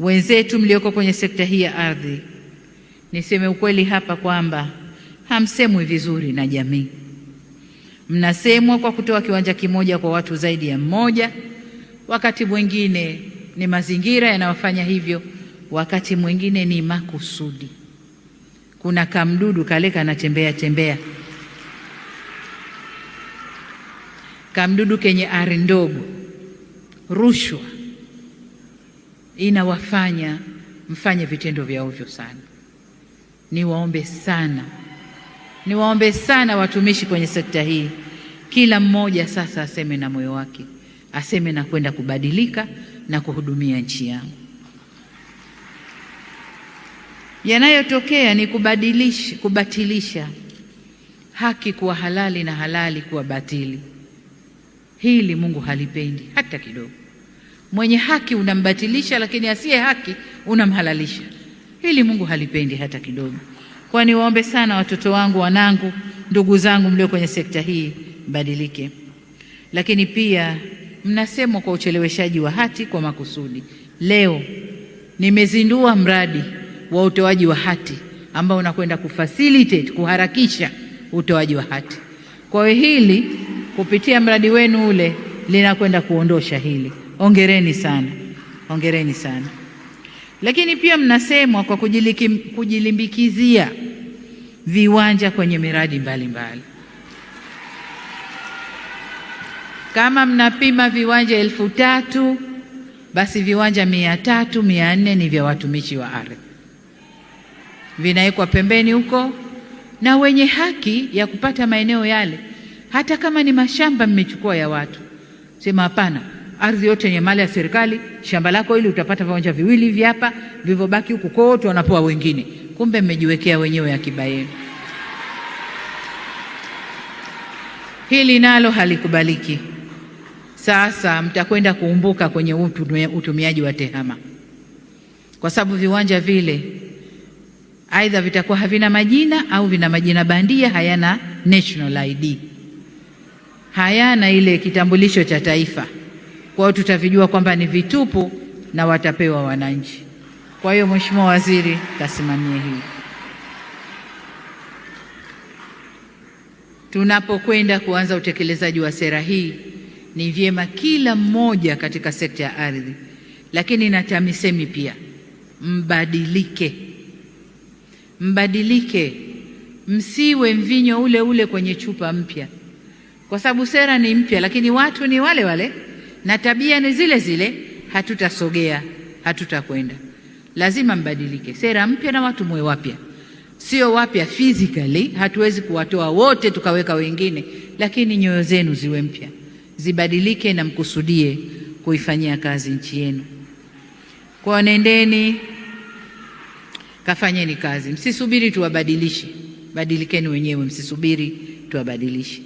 wenzetu mlioko kwenye sekta hii ya ardhi, niseme ukweli hapa kwamba hamsemwi vizuri na jamii. Mnasemwa kwa kutoa kiwanja kimoja kwa watu zaidi ya mmoja, wakati mwingine ni mazingira yanayofanya hivyo, wakati mwingine ni makusudi. Kuna kamdudu kale kanatembea tembea, kamdudu kenye ari ndogo, rushwa inawafanya mfanye vitendo vya ovyo sana. Niwaombe sana, niwaombe sana watumishi kwenye sekta hii, kila mmoja sasa aseme na moyo wake, aseme na kwenda kubadilika na kuhudumia nchi yangu. Yanayotokea ni kubadilisha, kubatilisha haki kuwa halali na halali kuwa batili. Hili Mungu halipendi hata kidogo. Mwenye haki unambatilisha, lakini asiye haki unamhalalisha. Hili Mungu halipendi hata kidogo. Kwa niwaombe sana watoto wangu, wanangu, ndugu zangu mlio kwenye sekta hii, mbadilike. Lakini pia mnasemwa kwa ucheleweshaji wa hati kwa makusudi. Leo nimezindua mradi wa utoaji wa hati ambao unakwenda kufacilitate kuharakisha utoaji wa hati. Kwa hiyo hili kupitia mradi wenu ule linakwenda kuondosha hili. Hongereni sana, hongereni sana. Lakini pia mnasemwa kwa kujilikim, kujilimbikizia viwanja kwenye miradi mbalimbali mbali. Kama mnapima viwanja elfu tatu basi viwanja mia tatu mia nne ni vya watumishi wa ardhi, vinawekwa pembeni huko, na wenye haki ya kupata maeneo yale, hata kama ni mashamba mmechukua ya watu, sema hapana ardhi yote yenye mali ya serikali, shamba lako hili utapata viwanja viwili hivi hapa, vilivyobaki huku kote wanapewa wengine. Kumbe mmejiwekea wenyewe akiba yenu. Hili nalo halikubaliki. Sasa mtakwenda kuumbuka kwenye utumiaji wa tehama, kwa sababu viwanja vile aidha vitakuwa havina majina au vina majina bandia, hayana national ID, hayana ile kitambulisho cha taifa. Kwa hiyo tutavijua kwamba ni vitupu na watapewa wananchi. Kwa hiyo Mheshimiwa Waziri, kasimamie hii Tunapokwenda kuanza utekelezaji wa sera hii, ni vyema kila mmoja katika sekta ya ardhi, lakini na TAMISEMI pia mbadilike, mbadilike, msiwe mvinyo ule ule kwenye chupa mpya, kwa sababu sera ni mpya, lakini watu ni wale wale na tabia ni zile zile, hatutasogea, hatutakwenda. Lazima mbadilike, sera mpya na watu muwe wapya, sio wapya physically, hatuwezi kuwatoa wote tukaweka wengine, lakini nyoyo zenu ziwe mpya, zibadilike na mkusudie kuifanyia kazi nchi yenu. Kwa nendeni kafanyeni kazi, msisubiri tuwabadilishe. Badilikeni wenyewe, msisubiri tuwabadilishe.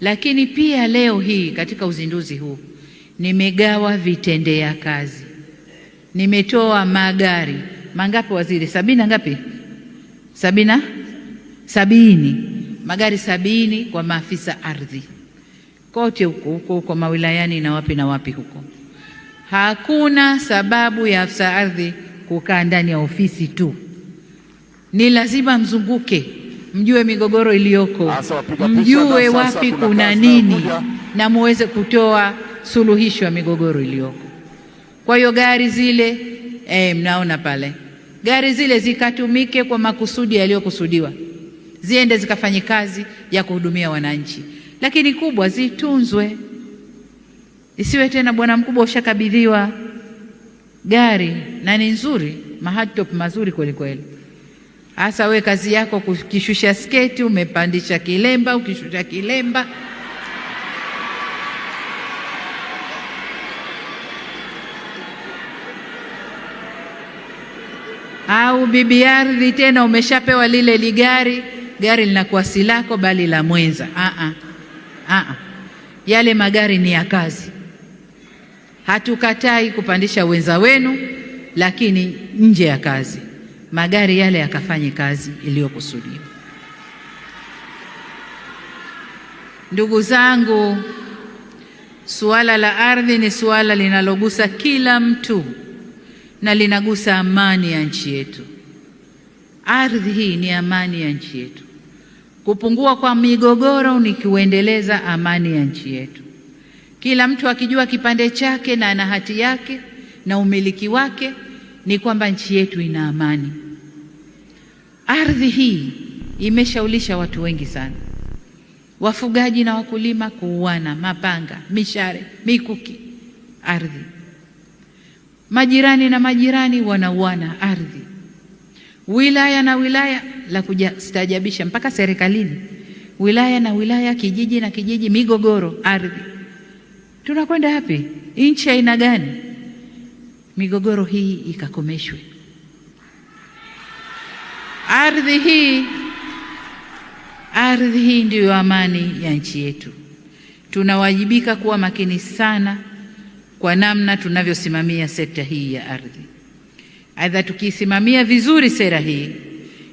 Lakini pia leo hii katika uzinduzi huu nimegawa vitendea kazi, nimetoa magari mangapi waziri? Sabini ngapi? Sabina, sabini magari sabini kwa maafisa ardhi kote huko huko huko mawilayani na wapi na wapi huko. Hakuna sababu ya afisa ardhi kukaa ndani ya ofisi tu, ni lazima mzunguke, mjue migogoro iliyoko, mjue wapi kuna nini, na muweze kutoa suluhisho ya migogoro iliyoko. Kwa hiyo gari zile eh, mnaona pale gari zile zikatumike kwa makusudi yaliyokusudiwa, ziende zikafanye kazi ya kuhudumia wananchi, lakini kubwa zitunzwe, isiwe tena bwana mkubwa ushakabidhiwa gari na ni nzuri, mahatop mazuri kweli kweli, hasa we kazi yako kukishusha sketi, umepandisha kilemba, ukishusha kilemba au bibi ardhi tena umeshapewa lile ligari, gari linakuwa si lako bali la mwenza. Aa, aa, yale magari ni ya kazi. Hatukatai kupandisha wenza wenu, lakini nje ya kazi. Magari yale yakafanye kazi iliyokusudiwa. Ndugu zangu, suala la ardhi ni suala linalogusa kila mtu na linagusa amani ya nchi yetu. Ardhi hii ni amani ya nchi yetu. Kupungua kwa migogoro ni kuendeleza amani ya nchi yetu. Kila mtu akijua kipande chake na ana hati yake na umiliki wake, ni kwamba nchi yetu ina amani. Ardhi hii imeshaulisha watu wengi sana, wafugaji na wakulima kuuana, mapanga, mishare mikuki, ardhi majirani na majirani wanauana ardhi, wilaya na wilaya. La kujastajabisha mpaka serikalini, wilaya na wilaya, kijiji na kijiji, migogoro ardhi. Tunakwenda wapi? Nchi aina gani? Migogoro hii ikakomeshwe, ardhi hii ardhi hii ndiyo amani ya nchi yetu. Tunawajibika kuwa makini sana kwa namna tunavyosimamia sekta hii ya ardhi. Aidha, tukiisimamia vizuri sera hii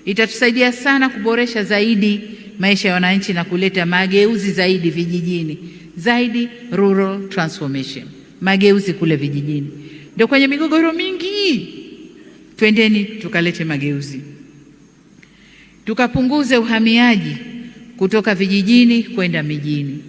itatusaidia sana kuboresha zaidi maisha ya wananchi na kuleta mageuzi zaidi vijijini, zaidi rural transformation, mageuzi kule vijijini. Ndio kwenye migogoro mingi, twendeni tukalete mageuzi, tukapunguze uhamiaji kutoka vijijini kwenda mijini.